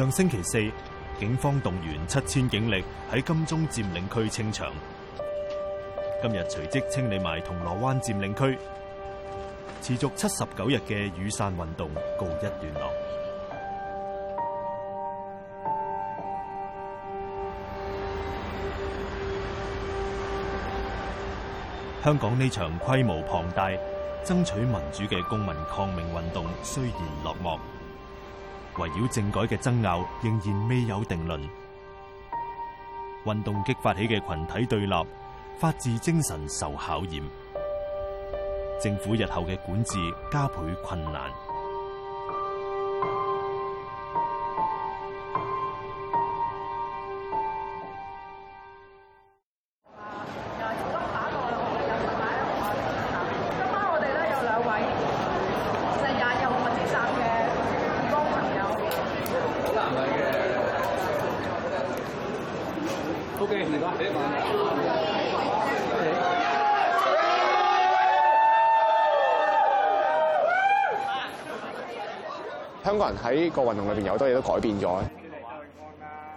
上星期四，警方動員七千警力喺金鐘佔領區清場。今日隨即清理埋銅鑼灣佔領區，持續七十九日嘅雨傘運動告一段落。香港呢場規模龐大、爭取民主嘅公民抗命運動雖然落幕。圍繞政改嘅爭拗仍然未有定論，運動激發起嘅群體對立，法治精神受考驗，政府日後嘅管治加倍困難。可能喺個運動裏邊有好多嘢都改變咗。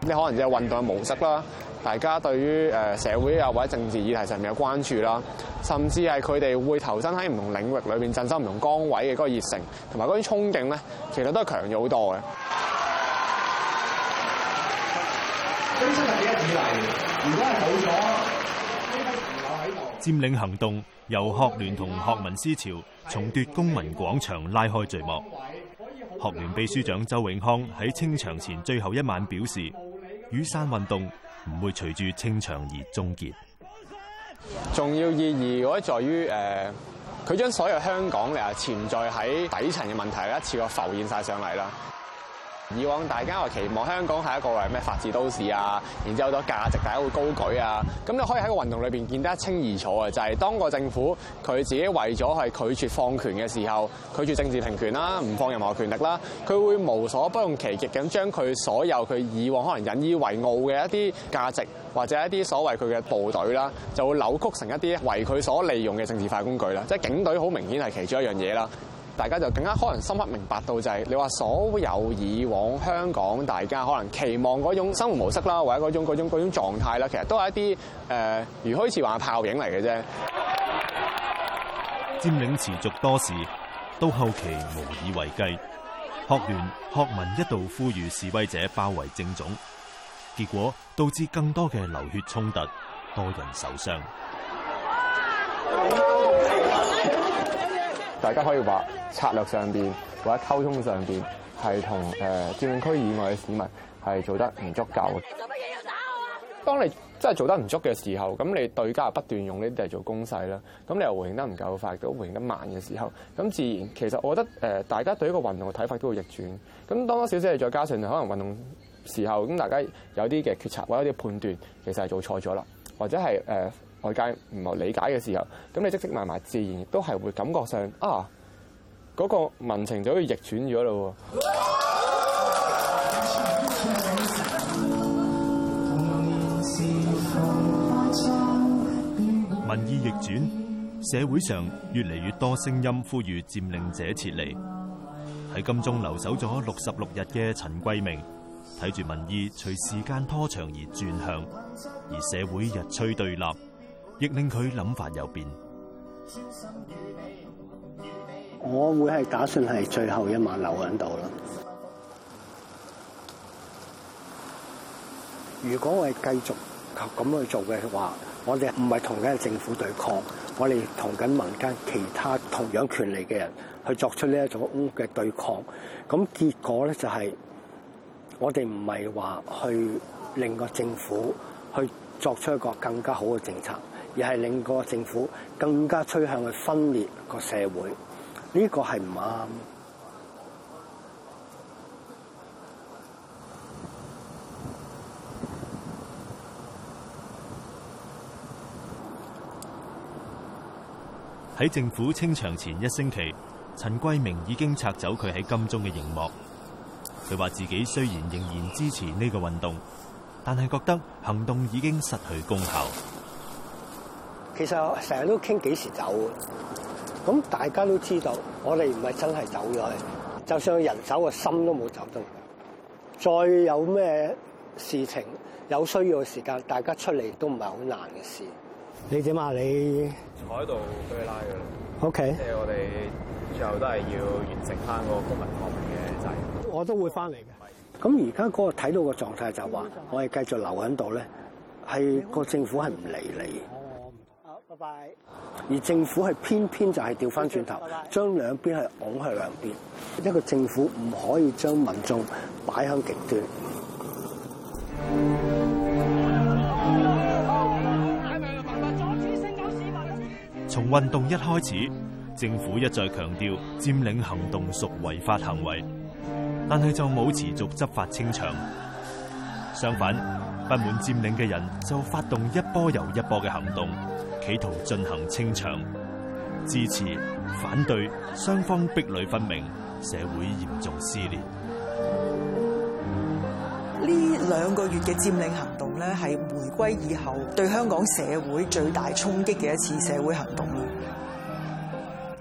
你可能淨係運動嘅模式啦，大家對於誒社會啊或者政治議題上面嘅關注啦，甚至係佢哋會投身喺唔同領域裏邊，鎮守唔同崗位嘅嗰個熱誠同埋嗰啲憧憬咧，其實都係強咗好多嘅。精神係幾一以嚟？如果係冇咗呢啲朋友喺度，佔領行動由學聯同學民思潮重奪公民廣場，拉開序幕。學聯秘書長周永康喺清場前最後一晚表示，雨傘運動唔會隨住清場而終結。重要意義，我覺得在於誒，佢將所有香港誒潛在喺底層嘅問題，一次過浮現晒上嚟啦。以往大家又期望香港係一個話咩法治都市啊，然之後好多價值大家會高舉啊，咁你可以喺個運動裏面見得一清二楚啊，就係當個政府佢自己為咗係拒絕放權嘅時候，拒絕政治平權啦，唔放任何權力啦，佢會無所不用其極咁將佢所有佢以往可能引以為傲嘅一啲價值或者一啲所謂佢嘅部隊啦，就會扭曲成一啲為佢所利用嘅政治化工具啦，即係警隊好明顯係其中一樣嘢啦。大家就更加可能深刻明白到就係你話所有以往香港大家可能期望嗰種生活模式啦，或者嗰種嗰種嗰種狀態啦，其實都係一啲誒、呃、如虛似幻泡影嚟嘅啫。佔領持續多時，到後期無以為繼，學聯學民一度呼籲示威者包圍政總，結果導致更多嘅流血衝突，多人受傷。啊大家可以話策略上面，或者溝通上面，係同，誒，佔區以外嘅市民係做得唔足夠。做乜嘢要當你真係做得唔足嘅時候，咁你對家不斷用呢啲嚟做攻勢啦。咁你又回應得唔夠快，都回應得慢嘅時候，咁自然其實我覺得誒、呃，大家對一個運動嘅睇法都會逆轉。咁多多少少你再加上可能運動時候咁，大家有啲嘅決策或者有啲判斷其實係做錯咗啦，或者係誒。外界唔係理解嘅時候，咁你積積埋埋，自然亦都係會感覺上啊，嗰個民情就好似逆轉咗咯。喎。民意逆轉，社會上越嚟越多聲音呼籲佔領者撤離。喺金鐘留守咗六十六日嘅陳桂明，睇住民意隨時間拖長而轉向，而社會日趨對立。亦令佢諗法有變。我會係打算係最後一晚留喺度啦。如果我係繼續咁去做嘅話，我哋唔係同緊政府對抗，我哋同緊民間其他同樣權利嘅人去作出呢一種嘅對抗。咁結果咧就係我哋唔係話去令個政府去作出一個更加好嘅政策。而係令個政府更加趨向去分裂個社會，呢個係唔啱。喺政府清場前一星期，陳桂明已經拆走佢喺金鐘嘅熒幕。佢話自己雖然仍然支持呢個運動，但係覺得行動已經失去功效。其實成日都傾幾時走，咁大家都知道，我哋唔係真係走咗去，就算人走個心都冇走得。再有咩事情有需要嘅時間，大家出嚟都唔係好難嘅事。你點啊？你坐喺度俾你拉嘅啦。OK。即係我哋最後都係要完成翻個公民抗命嘅制度。我都會翻嚟嘅。咁而家嗰個睇到個狀態就話，我哋繼續留喺度咧，係個政府係唔理你。而政府係偏偏就係調翻轉頭，將兩邊係往向兩邊。一個政府唔可以將民眾擺向極端。從運動一開始，政府一再強調占領行動屬違法行為，但係就冇持續執法清場。相反，不滿占領嘅人就發動一波又一波嘅行動。企圖進行清場，支持反對雙方壁壘分明，社會嚴重撕裂。呢兩個月嘅佔領行動咧，係回歸以後對香港社會最大衝擊嘅一次社會行動。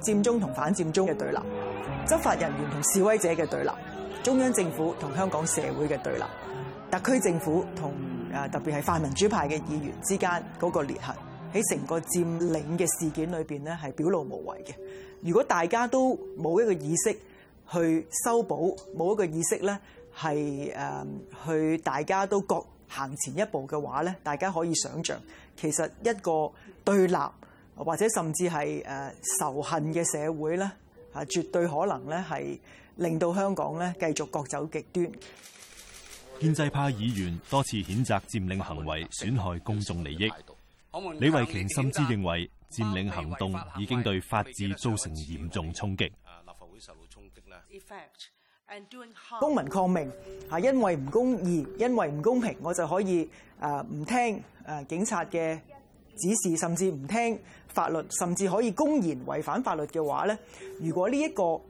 佔中同反佔中嘅對立，執法人員同示威者嘅對立，中央政府同香港社會嘅對立，特區政府同誒特別係泛民主派嘅議員之間嗰個裂痕。喺成個佔領嘅事件裏邊咧，係表露無遺嘅。如果大家都冇一個意識去修補，冇一個意識咧係誒去大家都各行前一步嘅話咧，大家可以想像，其實一個對立或者甚至係誒仇恨嘅社會咧，嚇絕對可能咧係令到香港咧繼續各走極端。建制派議員多次譴責佔領行為損害公眾利益。李慧瓊甚至認為，佔領行動已經對法治造成嚴重衝擊。立法會受到衝擊咧，公民抗命吓，因為唔公義，因為唔公平，我就可以誒唔聽誒警察嘅指示，甚至唔聽法律，甚至可以公然違反法律嘅話咧。如果呢一個誒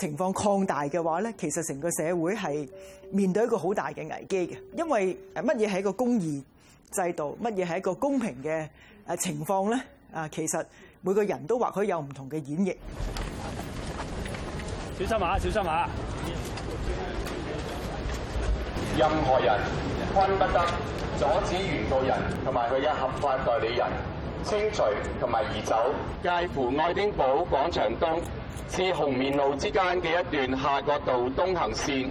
情況擴大嘅話咧，其實成個社會係面對一個好大嘅危機嘅，因為誒乜嘢係一個公義？制度乜嘢係一個公平嘅情況咧？啊，其實每個人都或許有唔同嘅演繹。小心下，小心下！任何人均不得阻止原告人同埋佢嘅合法代理人清除同埋移走介乎愛丁堡廣場東至紅棉路之間嘅一段夏慤道東行線。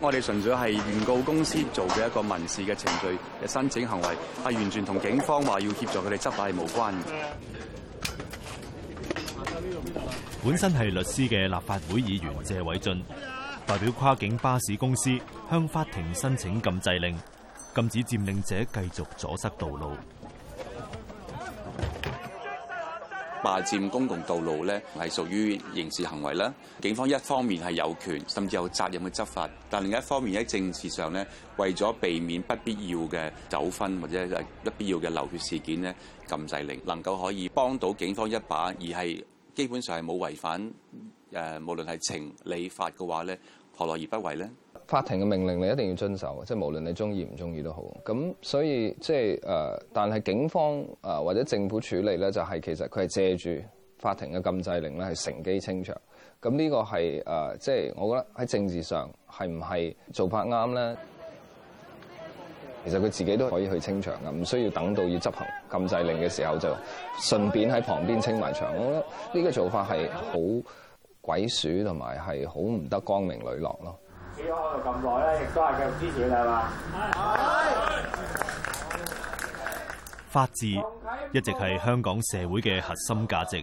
我哋純粹係原告公司做嘅一個民事嘅程序嘅申請行為，係完全同警方話要協助佢哋執法係無關嘅。本身係律師嘅立法會議員謝偉俊代表跨境巴士公司向法庭申請禁制令，禁止佔領者繼續阻塞道路。霸佔公共道路咧係屬於刑事行為啦。警方一方面係有權甚至有責任去執法，但另一方面喺政治上咧，為咗避免不必要嘅糾紛或者不必要嘅流血事件咧，禁制令能夠可以幫到警方一把，而係基本上係冇違反誒，無論係情理法嘅話咧，何樂而不為咧？法庭嘅命令，你一定要遵守，即係無論你中意唔中意都好。咁所以即係，誒、呃，但係警方啊、呃、或者政府處理咧，就係、是、其實佢係借住法庭嘅禁制令咧，係乘機清場，咁呢個係，誒、呃，即、就、係、是、我覺得喺政治上係唔係做法啱咧？其實佢自己都可以去清場嘅，唔需要等到要執行禁制令嘅時候就順便喺旁邊清埋場，我覺得呢個做法係好鬼鼠，同埋係好唔得光明磊落咯。企喺度咁耐咧，亦都係繼續支持啦，係嘛？法治一直係香港社會嘅核心價值。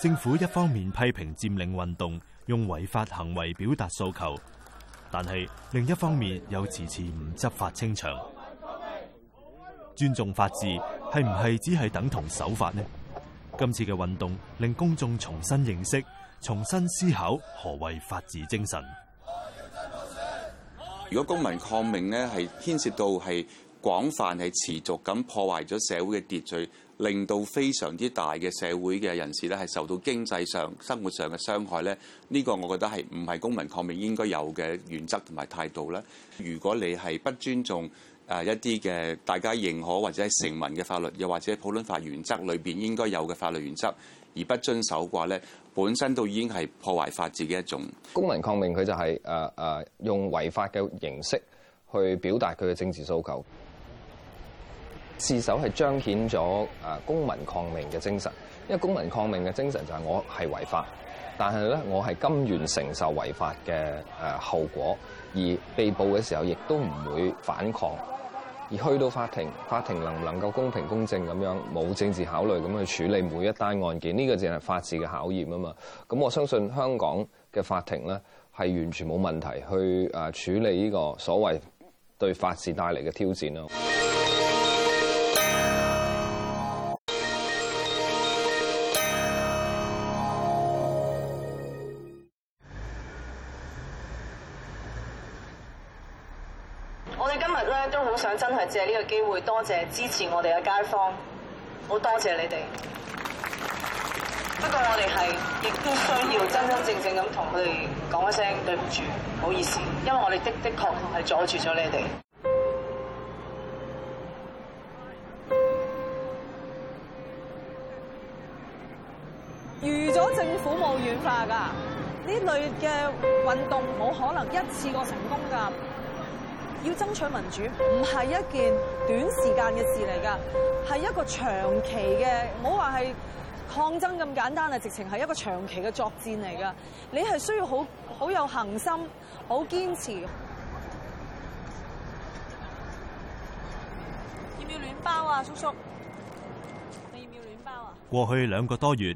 政府一方面批評佔領運動用違法行為表達訴求，但係另一方面又遲遲唔執法清場。尊重法治係唔係只係等同守法呢？今次嘅運動令公眾重新認識、重新思考何謂法治精神。如果公民抗命呢，係牽涉到係廣泛係持續咁破壞咗社會嘅秩序，令到非常之大嘅社會嘅人士咧係受到經濟上、生活上嘅傷害咧，呢、呢個我覺得係唔係公民抗命應該有嘅原則同埋態度咧？如果你係不尊重誒一啲嘅大家認可或者係成文嘅法律，又或者普通法原則裏邊應該有嘅法律原則而不遵守嘅話咧？本身都已經係破壞法治嘅一種公民抗命，就係，佢就係誒誒用違法嘅形式去表達佢嘅政治訴求。自首係彰顯咗誒、呃、公民抗命嘅精神，因為公民抗命嘅精神就係我係違法，但係呢我係甘願承受違法嘅誒、呃、後果，而被捕嘅時候亦都唔會反抗。而去到法庭，法庭能唔能夠公平公正咁樣，冇政治考慮咁去處理每一單案件？呢個就係法治嘅考驗啊嘛。咁我相信香港嘅法庭咧係完全冇問題去誒處理呢個所謂對法治帶嚟嘅挑戰咯。多謝呢個機會，多謝支持我哋嘅街坊，好多謝你哋。不過我哋係亦都需要真真正正咁同佢哋講一聲對唔住，唔好意思，因為我哋的的確係阻住咗你哋。預咗政府冇軟化噶，呢類嘅運動冇可能一次過成功噶。要爭取民主，唔係一件短時間嘅事嚟噶，係一個長期嘅，唔好話係抗爭咁簡單啊！直情係一個長期嘅作戰嚟噶，你係需要好好有恒心，好堅持。要唔要暖包啊，叔叔？你要唔要暖包啊？過去兩個多月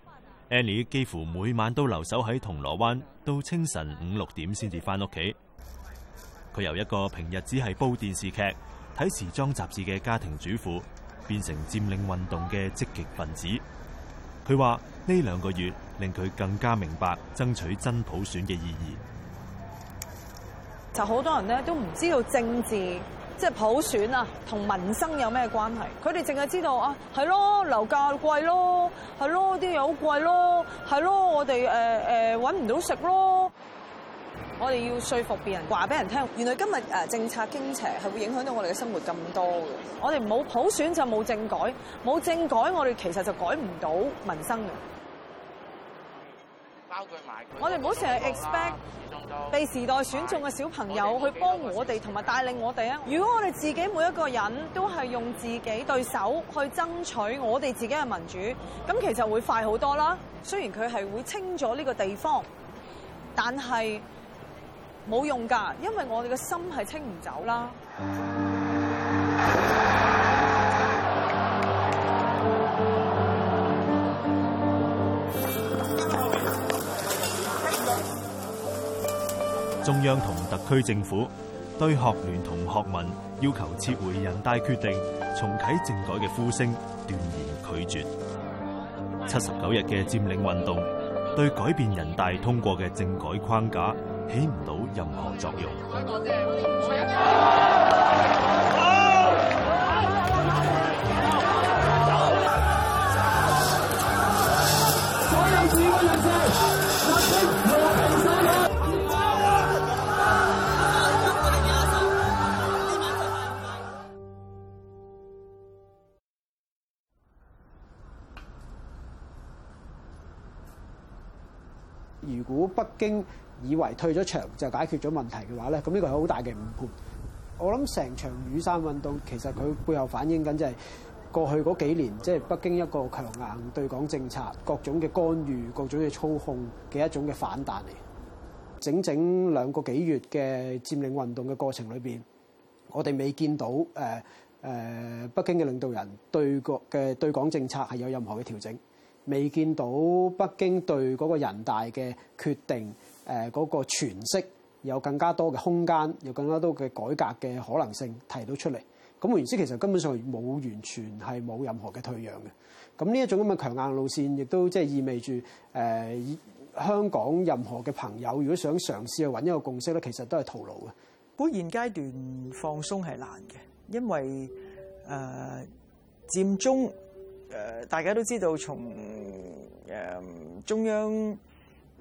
，Annie 幾乎每晚都留守喺銅鑼灣，到清晨五六點先至翻屋企。佢由一個平日只係煲電視劇、睇時裝雜誌嘅家庭主婦，變成佔領運動嘅積極分子。佢話：呢兩個月令佢更加明白爭取真普選嘅意義。就好多人咧都唔知道政治即係、就是、普選啊，同民生有咩關係？佢哋淨係知道啊，係咯，樓價貴咯，係咯，啲嘢好貴咯，係咯，我哋誒誒揾唔到食咯。我哋要說服別人話俾人聽，原來今日、啊、政策傾斜係會影響到我哋嘅生活咁多嘅。我哋冇普選就冇政改，冇政改我哋其實就改唔到民生嘅。包佢買。我哋唔好成日 expect 被時代選中嘅小朋友去幫我哋，同埋帶領我哋啊！嗯、如果我哋自己每一個人都係用自己對手去爭取我哋自己嘅民主，咁其實會快好多啦。雖然佢係會清咗呢個地方，但係。冇用㗎，因為我哋嘅心係清唔走啦。中央同特區政府對學聯同學民要求撤回人大決定、重啟政改嘅呼聲斷然拒絕。七十九日嘅佔領運動對改變人大通過嘅政改框架，起唔到任何作用。所有自覺人士，發聲和平聲援。如果北京。以為退咗場就解決咗問題嘅話咧，咁呢個係好大嘅誤判。我諗成場雨傘運動其實，佢背後反映緊，就係過去嗰幾年即係北京一個強硬對港政策、各種嘅干預各種嘅操控嘅一種嘅反彈嚟。整整兩個幾月嘅佔領運動嘅過程裏邊，我哋未見到誒誒、呃呃、北京嘅領導人對國嘅對港政策係有任何嘅調整，未見到北京對嗰個人大嘅決定。誒嗰、呃那個，全息有更加多嘅空間，有更加多嘅改革嘅可能性提到出嚟。咁原之，其實根本上冇完全係冇任何嘅退讓嘅。咁呢一種咁嘅強硬路線，亦都即係意味住誒、呃、香港任何嘅朋友，如果想嘗試去搵一個共識咧，其實都係徒勞嘅。本現階段放鬆係難嘅，因為誒佔、呃、中誒、呃、大家都知道從誒、呃、中央。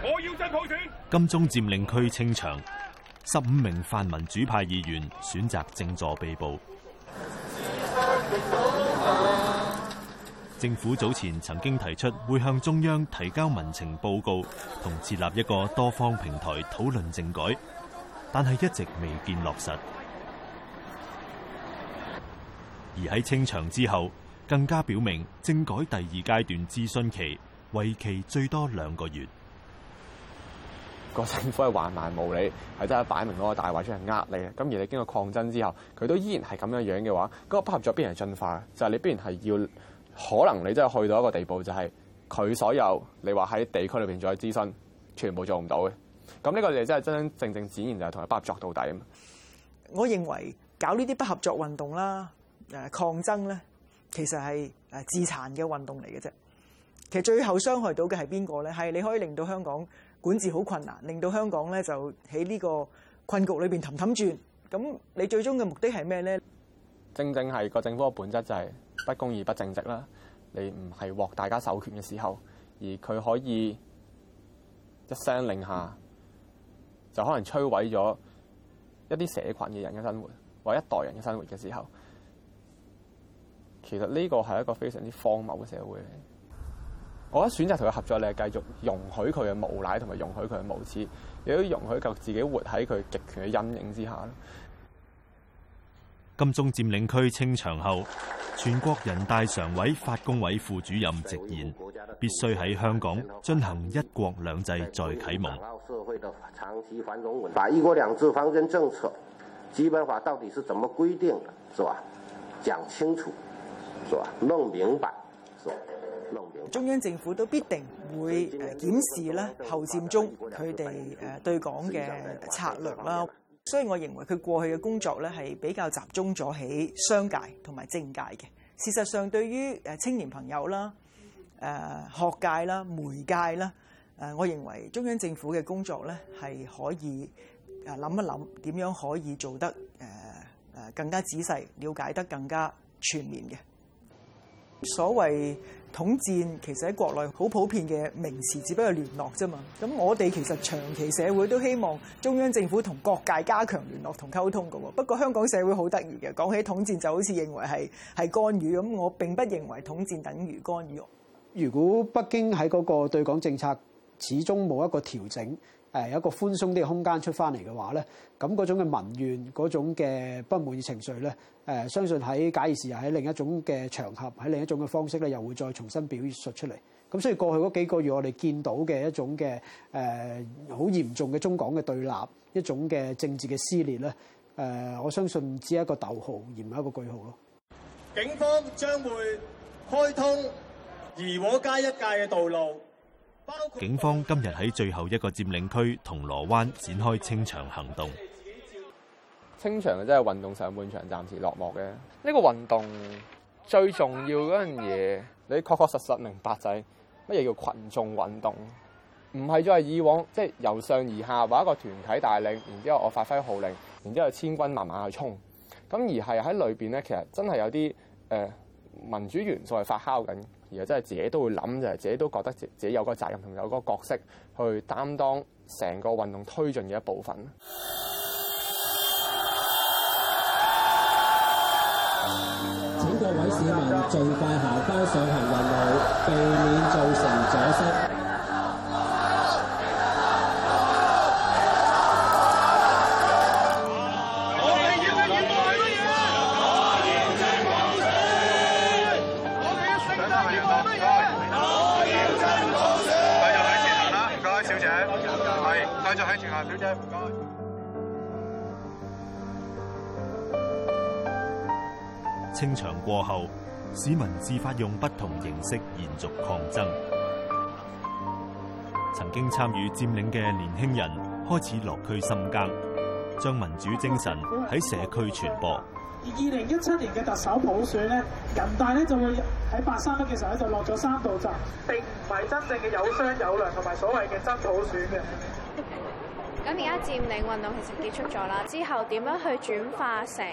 我要真普選。金鐘佔領區清場，十五名泛民主派議員選擇靜坐被捕。政府早前曾經提出會向中央提交民情報告，同設立一個多方平台討論政改，但係一直未見落實。而喺清場之後，更加表明政改第二階段諮詢期為期最多兩個月。個政府係橫蠻無理，係真係擺明嗰個大話出嚟呃你嘅。咁而你經過抗爭之後，佢都依然係咁樣樣嘅話，嗰、那個不合作必然係進化就係、是、你必然係要可能你真係去到一個地步、就是，就係佢所有你話喺地區裏邊做嘅諮詢，全部做唔到嘅。咁呢個你真係真真正正展現就係同佢不合作到底啊嘛！我認為搞呢啲不合作運動啦、誒、啊、抗爭咧，其實係誒、啊、自殘嘅運動嚟嘅啫。其實最後傷害到嘅係邊個咧？係你可以令到香港。管治好困難，令到香港咧就喺呢個困局裏邊氹氹轉。咁你最終嘅目的係咩咧？正正係個政府嘅本質就係不公而不正直啦。你唔係獲大家授權嘅時候，而佢可以一聲令下，就可能摧毀咗一啲社群嘅人嘅生活，或一代人嘅生活嘅時候，其實呢個係一個非常之荒謬嘅社會嚟。我覺得選擇同佢合作，你係繼續容許佢嘅無賴同埋容許佢嘅無恥，你都容許佢自己活喺佢極權嘅陰影之下。金鐘佔領區清場後，全國人大常委法工委副主任直言：必須喺香港進行一國兩制再啓蒙。把一國兩制方針政策、基本法到底是怎麼規定嘅，是吧？講清楚，是吧？弄明白，是吧？中央政府都必定會檢視咧後佔中佢哋誒對港嘅策略啦，所以我認為佢過去嘅工作咧係比較集中咗喺商界同埋政界嘅。事實上，對於誒青年朋友啦、誒學界啦、媒介啦，誒，我認為中央政府嘅工作咧係可以誒諗一諗點樣可以做得誒誒更加仔細、了解得更加全面嘅。所謂。統戰其實喺國內好普遍嘅名詞，只不過聯絡啫嘛。咁我哋其實長期社會都希望中央政府同各界加強聯絡同溝通㗎喎。不過香港社會好得意嘅，講起統戰就好似認為係係干預咁。我並不認為統戰等於干預。如果北京喺嗰個對港政策始終冇一個調整，誒、呃、有一個寬鬆啲嘅空間出翻嚟嘅話咧，咁嗰種嘅民怨、嗰種嘅不滿意情緒咧，誒、呃、相信喺假以時日又喺另一種嘅場合、喺另一種嘅方式咧，又會再重新表述出嚟。咁所以過去嗰幾個月我哋見到嘅一種嘅誒好嚴重嘅中港嘅對立、一種嘅政治嘅撕裂咧，誒、呃、我相信只係一個逗號而唔係一個句號咯。警方將會開通怡和街一帶嘅道路。警方今日喺最後一個佔領區銅鑼灣展開清場行動。清場啊，真係運動上半場暫時落幕嘅。呢個運動最重要嗰樣嘢，你確確實實明白仔乜嘢叫群眾運動，唔係再係以往即係由上而下或一個團體帶領，然之後我發揮號令，然之後千軍萬馬去衝。咁而係喺裏邊咧，其實真係有啲誒民主元素係發酵緊。然後真係自己都會諗，就係自己都覺得自己有個責任同有個角色去擔當成個運動推進嘅一部分。請各位市民盡快下班上行人路，避免造成阻塞。清場過後，市民自發用不同形式延續抗爭。曾經參與佔領嘅年輕人開始落區深耕，將民主精神喺社區傳播。而二零一七年嘅特首普選咧，人大呢就會喺八三一嘅時候就落咗三道閘，並唔係真正嘅有商有量同埋所謂嘅真普選嘅。咁而家佔領運動其實結束咗啦，之後點樣去轉化成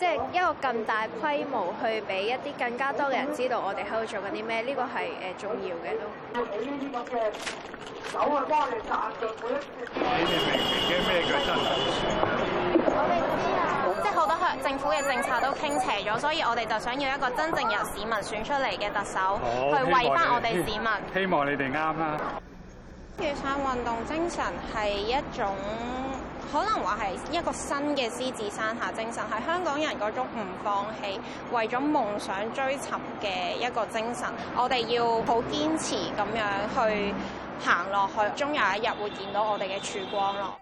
即係一個更大規模，去俾一啲更加多嘅人知道我哋喺度做緊啲咩？呢個係重要嘅都。明明即係好多政府嘅政策都傾斜咗，所以我哋就想要一個真正由市民選出嚟嘅特首，去為翻我哋市民、哦。希望你哋啱啦。其實運動精神係一種，可能話係一個新嘅獅子山下精神，係香港人嗰種唔放棄，為咗夢想追尋嘅一個精神。我哋要好堅持咁樣去行落去，終有一日會見到我哋嘅曙光咯。